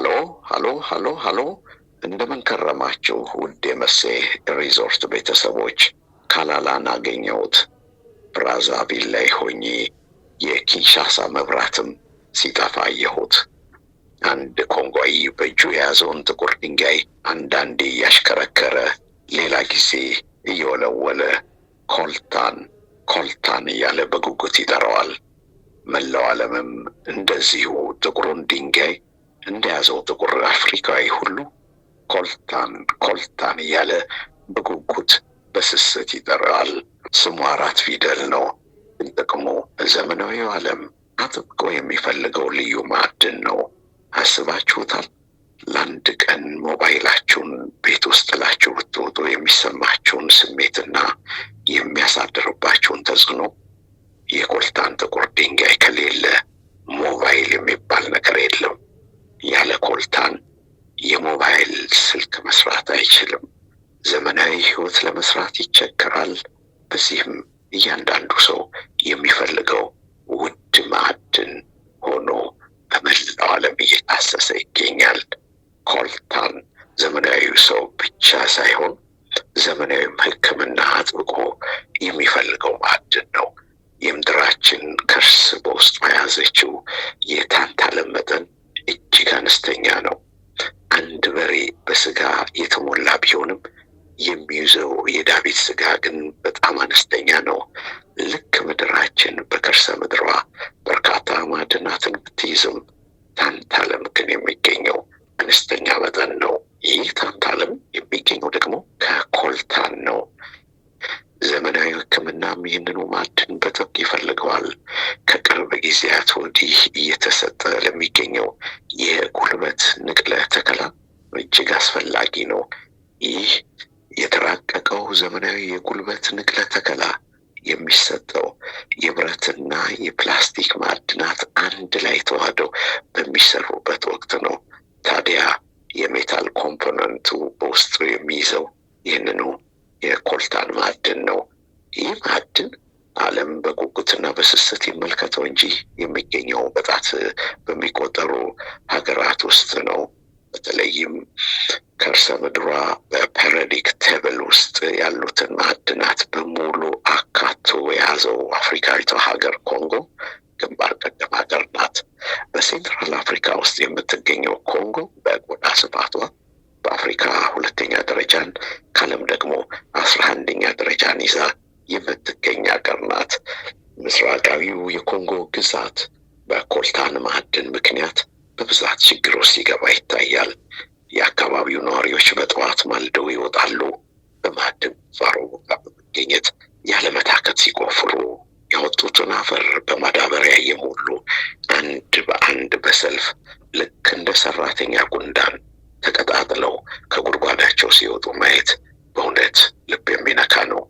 ሀሎ ሀሎ ሀሎ ሀሎ፣ እንደምን ከረማችሁ ውድ የመሴ ሪዞርት ቤተሰቦች። ካላላን አገኘሁት። ብራዛቪል ላይ ሆኜ የኪንሻሳ መብራትም ሲጠፋ አየሁት። አንድ ኮንጓይ በእጁ የያዘውን ጥቁር ድንጋይ አንዳንዴ እያሽከረከረ ሌላ ጊዜ እየወለወለ ኮልታን ኮልታን እያለ በጉጉት ይጠራዋል። መላው ዓለምም እንደዚሁ ጥቁሩን ድንጋይ እንደያዘው ጥቁር አፍሪካዊ ሁሉ ኮልታን ኮልታን እያለ በጉጉት በስስት ይጠራል። ስሙ አራት ፊደል ነው፣ ግን ጥቅሙ ዘመናዊው ዓለም አጥብቆ የሚፈልገው ልዩ ማዕድን ነው። አስባችሁታል? ለአንድ ቀን ሞባይላችሁን ቤት ውስጥ ላችሁ ብትወጡ የሚሰማችሁን ስሜትና የሚያሳድርባችሁን ተጽዕኖ። የኮልታን ጥቁር ድንጋይ ከሌለ ሞባይል የሚባል ነገር የለም። ያለ ኮልታን የሞባይል ስልክ መስራት አይችልም። ዘመናዊ ህይወት ለመስራት ይቸገራል። በዚህም እያንዳንዱ ሰው የሚፈልገው ውድ ማዕድን ሆኖ በመላው ዓለም እየታሰሰ ይገኛል። ኮልታን ዘመናዊ ሰው ብቻ ሳይሆን ዘመናዊም ሕክምና አጥብቆ የሚፈልገው ማዕድን ነው። የምድራችን ከርስ በውስጡ መያዘችው የታንታለም መጠን እጅግ አነስተኛ ነው። አንድ በሬ በስጋ የተሞላ ቢሆንም የሚይዘው የዳቢት ስጋ ግን በጣም አነስተኛ ነው። አስፈላጊ ነው። ይህ የተራቀቀው ዘመናዊ የጉልበት ንቅለ ተከላ የሚሰጠው የብረትና የፕላስቲክ ማዕድናት አንድ ላይ ተዋህደው በሚሰሩበት ወቅት ነው። ታዲያ የሜታል ኮምፖነንቱ በውስጡ የሚይዘው ይህንኑ የኮልታን ማዕድን ነው። ይህ ማዕድን ዓለም በጉጉትና በስስት ይመልከተው እንጂ የሚገኘው በጣት በሚቆጠሩ ሀገራት ውስጥ ነው። በተለይም ከርሰ ምድሯ በፐረዲክ ቴብል ውስጥ ያሉትን ማዕድናት በሙሉ አካቶ የያዘው አፍሪካዊቷ ሀገር ኮንጎ ግንባር ቀደም ሀገር ናት። በሴንትራል አፍሪካ ውስጥ የምትገኘው ኮንጎ በቆዳ ስፋቷ በአፍሪካ ሁለተኛ ደረጃን ከዓለም ደግሞ አስራ አንደኛ ደረጃን ይዛ የምትገኝ ሀገር ናት። ምስራቃዊው የኮንጎ ግዛት በኮልታን ማዕድን ምክንያት በብዛት ችግር ውስጥ ሲገባ ይታያል። የአካባቢው ነዋሪዎች በጠዋት ማልደው ይወጣሉ። በማዕድን ቁፋሮ ቦታ በመገኘት ያለመታከት ሲቆፍሩ ያወጡትን አፈር በማዳበሪያ እየሞሉ አንድ በአንድ በሰልፍ ልክ እንደ ሰራተኛ ጉንዳን ተቀጣጥለው ከጉድጓዳቸው ሲወጡ ማየት በእውነት ልብ የሚነካ ነው።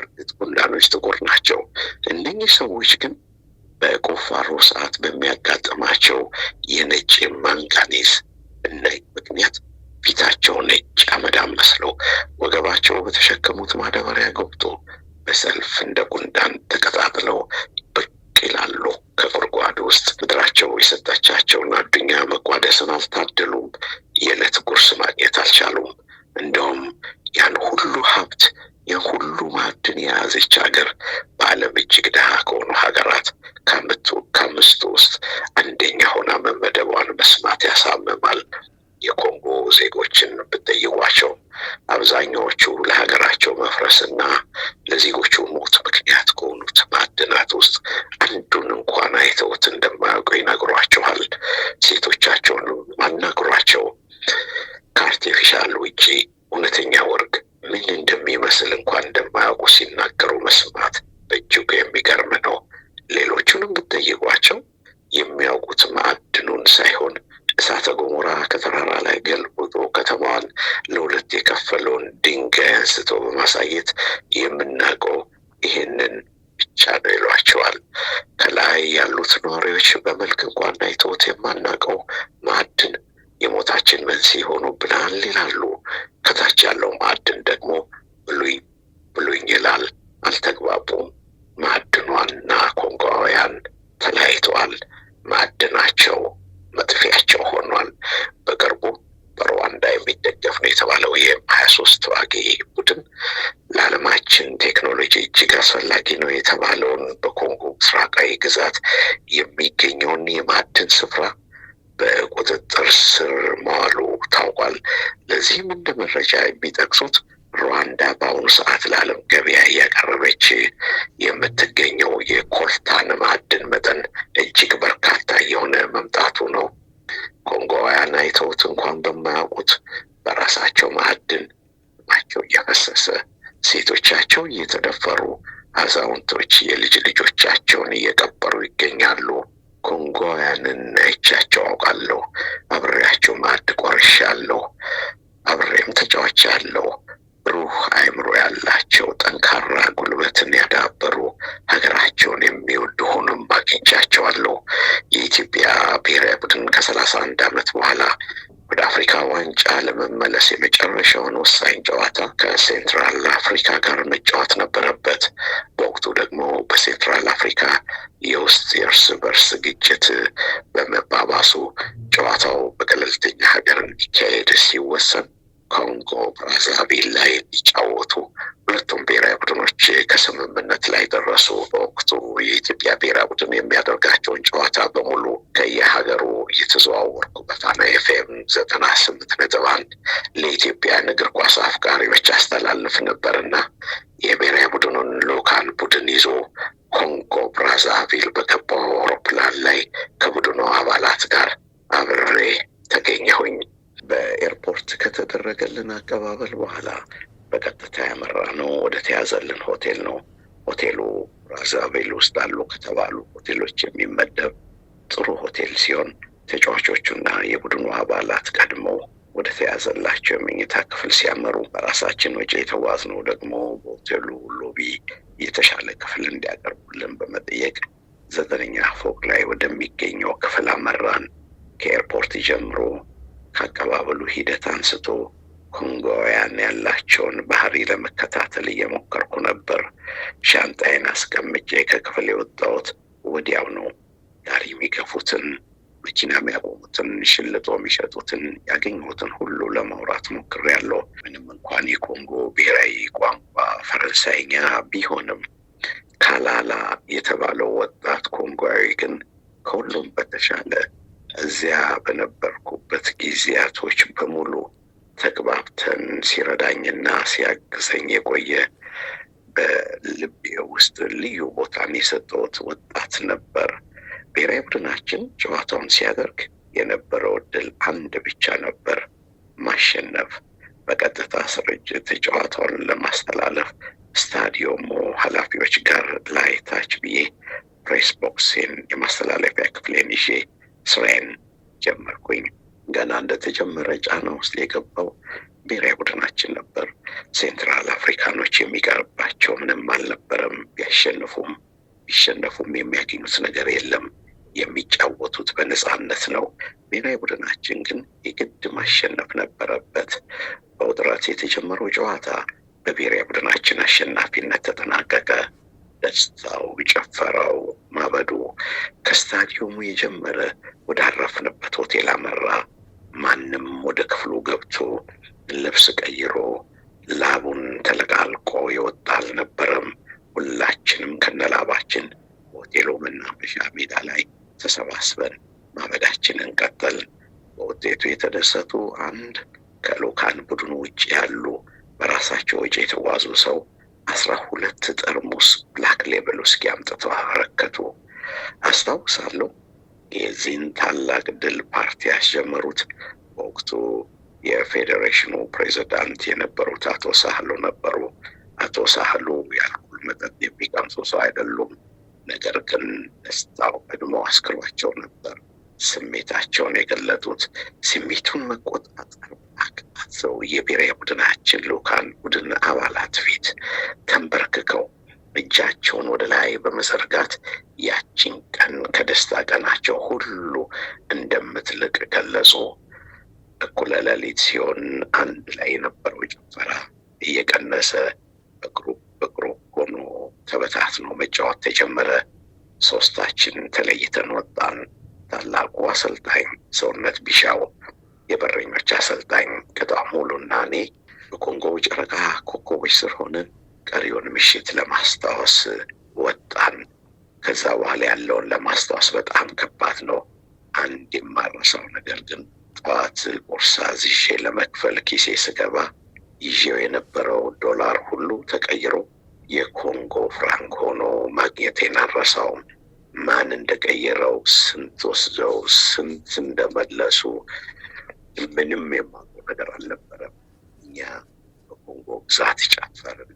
እርግጥ ጉንዳኖች ጥቁር ናቸው። እነኚህ ሰዎች ግን በቁፋሮ ሰዓት በሚያጋጥማቸው የነጭ ማንጋኔዝ እናይት ምክንያት ፊታቸው ነጭ አመዳም መስሎ ወገባቸው በተሸከሙት ማዳበሪያ ገብቶ በሰልፍ እንደ ጉንዳን ተቀጣጥለው ብቅ ይላሉ ከጉድጓድ ውስጥ። ምድራቸው የሰጠቻቸውን አዱኛ መቋደስን አልታደሉም። የዕለት ጉርስ ማግኘት አልቻሉም። እንደውም ያን ሁሉ ሀብት ያን ሁሉ ማዕድን የያዘች ሀገር በዓለም እጅግ ድሃ ከሆኑ ሀገራት ከአምስቱ ውስጥ አንደኛ ሆና መመደቧን መስማት ያሳምማል። የኮንጎ ዜጎችን ብትጠይቋቸው አብዛኛዎቹ ለሀገራቸው መፍረስና ለዜጎቹ ሞት ምክንያት ከሆኑት ማዕድናት ውስጥ አንዱን እንኳን አይተውትን ማሳየት አስፈላጊ ነው የተባለውን በኮንጎ ምስራቃዊ ግዛት የሚገኘውን የማዕድን ስፍራ በቁጥጥር ስር መዋሉ ታውቋል። ለዚህም እንደ መረጃ የሚጠቅሱት ሩዋንዳ በአሁኑ ሰዓት ለዓለም ገበያ እያቀረበች የምትገኘው የኮልታን ማዕድን መጠን እጅግ በርካታ የሆነ መምጣቱ ነው። ኮንጎውያን አይተውት እንኳን በማያውቁት በራሳቸው ማዕድን ማቸው እየፈሰሰ ሴቶቻቸው እየተደፈሩ አዛውንቶች የልጅ ልጆቻቸውን እየቀበሩ ይገኛሉ። ኮንጎውያንን አይቻቸው አውቃለሁ። አብሬያቸው ማዕድ ቆርሻለሁ። አብሬም ተጫዋች ያለው ብሩህ አእምሮ ያላቸው ጠንካራ ጉልበትን ያዳበሩ ሀገራቸውን የሚወዱ ሆኖም አግኝቻቸዋለሁ። የኢትዮጵያ ብሔራዊ ቡድን ከሰላሳ አንድ ዓመት በኋላ ዋንጫ ለመመለስ የመጨረሻውን ወሳኝ ጨዋታ ከሴንትራል አፍሪካ ጋር መጫወት ነበረበት። በወቅቱ ደግሞ በሴንትራል አፍሪካ የውስጥ የእርስ በርስ ግጭት በመባባሱ ጨዋታው በገለልተኛ ሀገር እንዲካሄድ ሲወሰን ኮንጎ ብራዛቪል ላይ እንዲጫወቱ ሁለቱም ብሔራዊ ቡድኖች ከስምምነት ላይ ደረሱ። በወቅቱ የኢትዮጵያ ብሔራዊ ቡድን የሚያደርጋቸውን ጨዋታ በሙሉ ከየሀገሩ እየተዘዋወርኩ በፋና ኤፍኤም ዘጠና ስምንት ነጥብ አንድ ለኢትዮጵያን እግር ኳስ አፍቃሪዎች አስተላልፍ ነበርና የብሔራዊ ቡድኑን ሎካል ቡድን ይዞ ኮንጎ ብራዛቪል በገባው አውሮፕላን ላይ ከቡድኑ አባላት ጋር አብሬ ተገኘሁኝ። በኤርፖርት ከተደረገልን አቀባበል በኋላ በቀጥታ ያመራ ነው ወደ ተያዘልን ሆቴል ነው። ሆቴሉ ራዛቤል ውስጥ አሉ ከተባሉ ሆቴሎች የሚመደብ ጥሩ ሆቴል ሲሆን ተጫዋቾቹና የቡድኑ አባላት ቀድመው ወደ ተያዘላቸው የመኝታ ክፍል ሲያመሩ በራሳችን ወጪ የተጓዝነው ደግሞ በሆቴሉ ሎቢ የተሻለ ክፍል እንዲያቀርቡልን በመጠየቅ ዘጠነኛ ፎቅ ላይ ወደሚገኘው ክፍል አመራን። ከኤርፖርት ጀምሮ ከአቀባበሉ ሂደት አንስቶ ኮንጎውያን ያላቸውን ባህሪ ለመከታተል እየሞከርኩ ነበር። ሻንጣይን አስቀምጬ ከክፍል የወጣሁት ወዲያው ነው። ጋሪ የሚገፉትን፣ መኪና የሚያቆሙትን፣ ሽልጦ የሚሸጡትን ያገኘሁትን ሁሉ ለማውራት ሞክሬያለሁ። ምንም እንኳን የኮንጎ ብሔራዊ ቋንቋ ፈረንሳይኛ ቢሆንም ካላላ የተባለው ወጣት ኮንጓዊ ግን ከሁሉም በተሻለ እዚያ በነበርኩበት ጊዜያቶች ሲረዳኝና ሲያግዘኝ የቆየ በልቤ ውስጥ ልዩ ቦታን የሰጠሁት ወጣት ነበር። ብሔራዊ ቡድናችን ጨዋታውን ሲያደርግ የነበረው እድል አንድ ብቻ ነበር፣ ማሸነፍ። በቀጥታ ስርጭት ጨዋታውን ለማስተላለፍ ስታዲየሙ ኃላፊዎች ጋር ላይ ታች ብዬ ፕሬስ ቦክሴን የማስተላለፊያ ክፍሌን ይዤ ስራዬን ጀመርኩኝ። ገና እንደተጀመረ ጫና ውስጥ የገባው ብሔራዊ ቡድናችን ነበር። ሴንትራል አፍሪካኖች የሚቀርባቸው ምንም አልነበረም። ቢያሸንፉም ቢሸነፉም የሚያገኙት ነገር የለም። የሚጫወቱት በነፃነት ነው። ብሔራዊ ቡድናችን ግን የግድ ማሸነፍ ነበረበት። በውጥረት የተጀመረው ጨዋታ በብሔራዊ ቡድናችን አሸናፊነት ተጠናቀቀ። ደስታው፣ ጨፈራው፣ ማበዱ ከስታዲየሙ የጀመረ ወዳረፍንበት ሆቴል አመራ። ማንም ወደ ክፍሉ ገብቶ ልብስ ቀይሮ ላቡን ተለቃልቆ የወጣ አልነበረም። ሁላችንም ከነላባችን ሆቴሉ መናፈሻ ሜዳ ላይ ተሰባስበን ማበዳችንን ቀጠልን። በውጤቱ የተደሰቱ አንድ ከልኡካን ቡድኑ ውጭ ያሉ በራሳቸው ወጪ የተጓዙ ሰው አስራ ሁለት ጠርሙስ ብላክ ሌብል ውስኪ አምጥተው አበረከቱ። አስታውሳለሁ የዚህን ታላቅ ድል ፓርቲ ያስጀመሩት በወቅቱ የፌዴሬሽኑ ፕሬዚዳንት የነበሩት አቶ ሳህሉ ነበሩ። አቶ ሳህሉ የአልኮል መጠጥ የሚቀምሱ ሰው አይደሉም። ነገር ግን ደስታው ቀድሞ አስክሯቸው ነበር ስሜታቸውን የገለጡት። ስሜቱን መቆጣጠር አቃታቸው። የብሔራዊ ቡድናችን ልዑካን ቡድን አባላት ፊት ተንበርክከው እጃቸውን ወደ ላይ በመዘርጋት ያቺን ቀን ከደስታ ቀናቸው ሁሉ እንደምትልቅ ገለጹ። እኩለ ሌሊት ሲሆን አንድ ላይ የነበረው ጭፈራ እየቀነሰ በግሩፕ በግሩፕ ሆኖ ተበታትኖ መጫወት ተጀመረ። ሶስታችን ተለይተን ወጣን። ታላቁ አሰልጣኝ ሰውነት ቢሻው፣ የበረኞች አሰልጣኝ ቅጣሙ ሙሉና እኔ በኮንጎው ጨረቃ ኮከቦች ስር ሆነን ቀሪውን ምሽት ለማስታወስ ወጣን። ከዛ በኋላ ያለውን ለማስታወስ በጣም ከባድ ነው። አንድ የማረሳው ነገር ግን ጠዋት ቦርሳ ይዤ ለመክፈል ኪሴ ስገባ ይዤው የነበረው ዶላር ሁሉ ተቀይሮ የኮንጎ ፍራንክ ሆኖ ማግኘቴን አልረሳውም። ማን እንደቀየረው፣ ስንት ወስደው፣ ስንት እንደመለሱ ምንም የማውቀው ነገር አልነበረም። እኛ በኮንጎ ግዛት ጨፈርን፣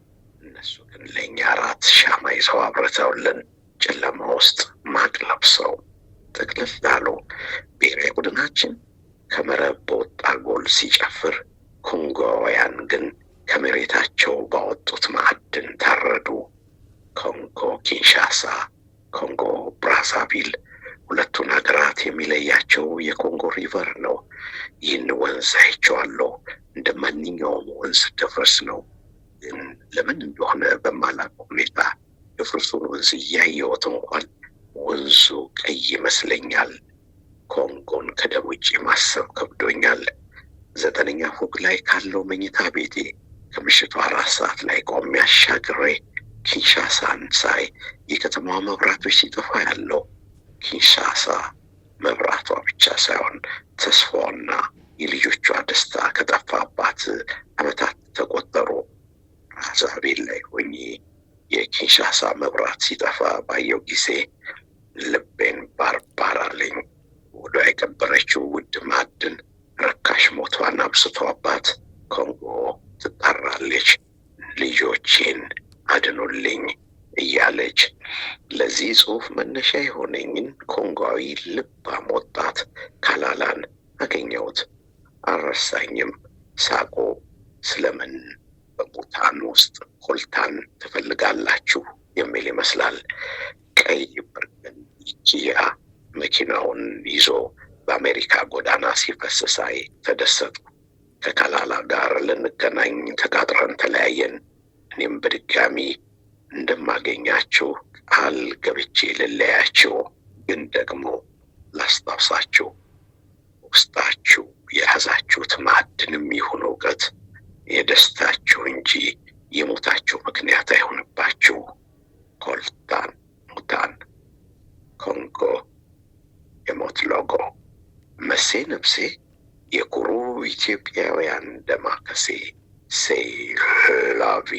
እነሱ ግን ለእኛ አራት ሻማ ይዘው አብርተውልን ጨለማ ውስጥ ማቅ ለብሰው ጥቅልል ላሉ ብሔራዊ ቡድናችን ከመረብ በወጣ ጎል ሲጨፍር፣ ኮንጎውያን ግን ከመሬታቸው ባወጡት ማዕድን ታረዱ። ኮንጎ ኪንሻሳ፣ ኮንጎ ብራዛቪል ሁለቱን ሀገራት የሚለያቸው የኮንጎ ሪቨር ነው። ይህን ወንዝ አይቼዋለሁ። እንደ ማንኛውም ወንዝ ድፍርስ ነው። ግን ለምን እንደሆነ በማላውቀው ሁኔታ ድፍርሱን ወንዝ እያየሁት እንኳን ወንዙ ቀይ ይመስለኛል። ከደም ውጭ ማሰብ ከብዶኛል። ዘጠነኛ ፎቅ ላይ ካለው መኝታ ቤቴ ከምሽቱ አራት ሰዓት ላይ ቆሜ አሻግሬ ኪንሻሳን ሳይ የከተማዋ መብራቶች ሲጠፋ ያለው ኪንሻሳ መብራቷ ብቻ ሳይሆን ተስፋውና የልጆቿ ደስታ ከጠፋባት ዓመታት ተቆጠሩ። ራዛቤል ላይ ሆኜ የኪንሻሳ መብራት ሲጠፋ ባየው ጊዜ ልቤን ባርባር በሆዷ የቀበረችው ውድ ማዕድን ርካሽ ሞቷን አብስቶባት ኮንጎ ትጣራለች። ልጆቼን አድኑልኝ እያለች ለዚህ ጽሑፍ መነሻ የሆነኝን ኮንጓዊ ልባም ወጣት ካላላን አገኘሁት። አልረሳኝም። ሳቆ ስለምን በሙታን ውስጥ ኮልታን ትፈልጋላችሁ የሚል ይመስላል። ቀይ ብርቅን ይችያ መኪናውን ይዞ በአሜሪካ ጎዳና ሲፈስሳይ ተደሰቱ። ከከላላ ጋር ልንገናኝ ተቃጥረን ተለያየን። እኔም በድጋሚ እንደማገኛችሁ ቃል ገብቼ ልለያችሁ፣ ግን ደግሞ ላስታውሳችሁ ውስጣችሁ የያዛችሁት ማዕድንም ይሁን እውቀት የደስታችሁ እንጂ የሞታችሁ ምክንያት አይሆንባችሁ። ኮልታን ሙታን ነፍሴ የኩሩ ኢትዮጵያውያን ደማከሴ ሴይ ላቪ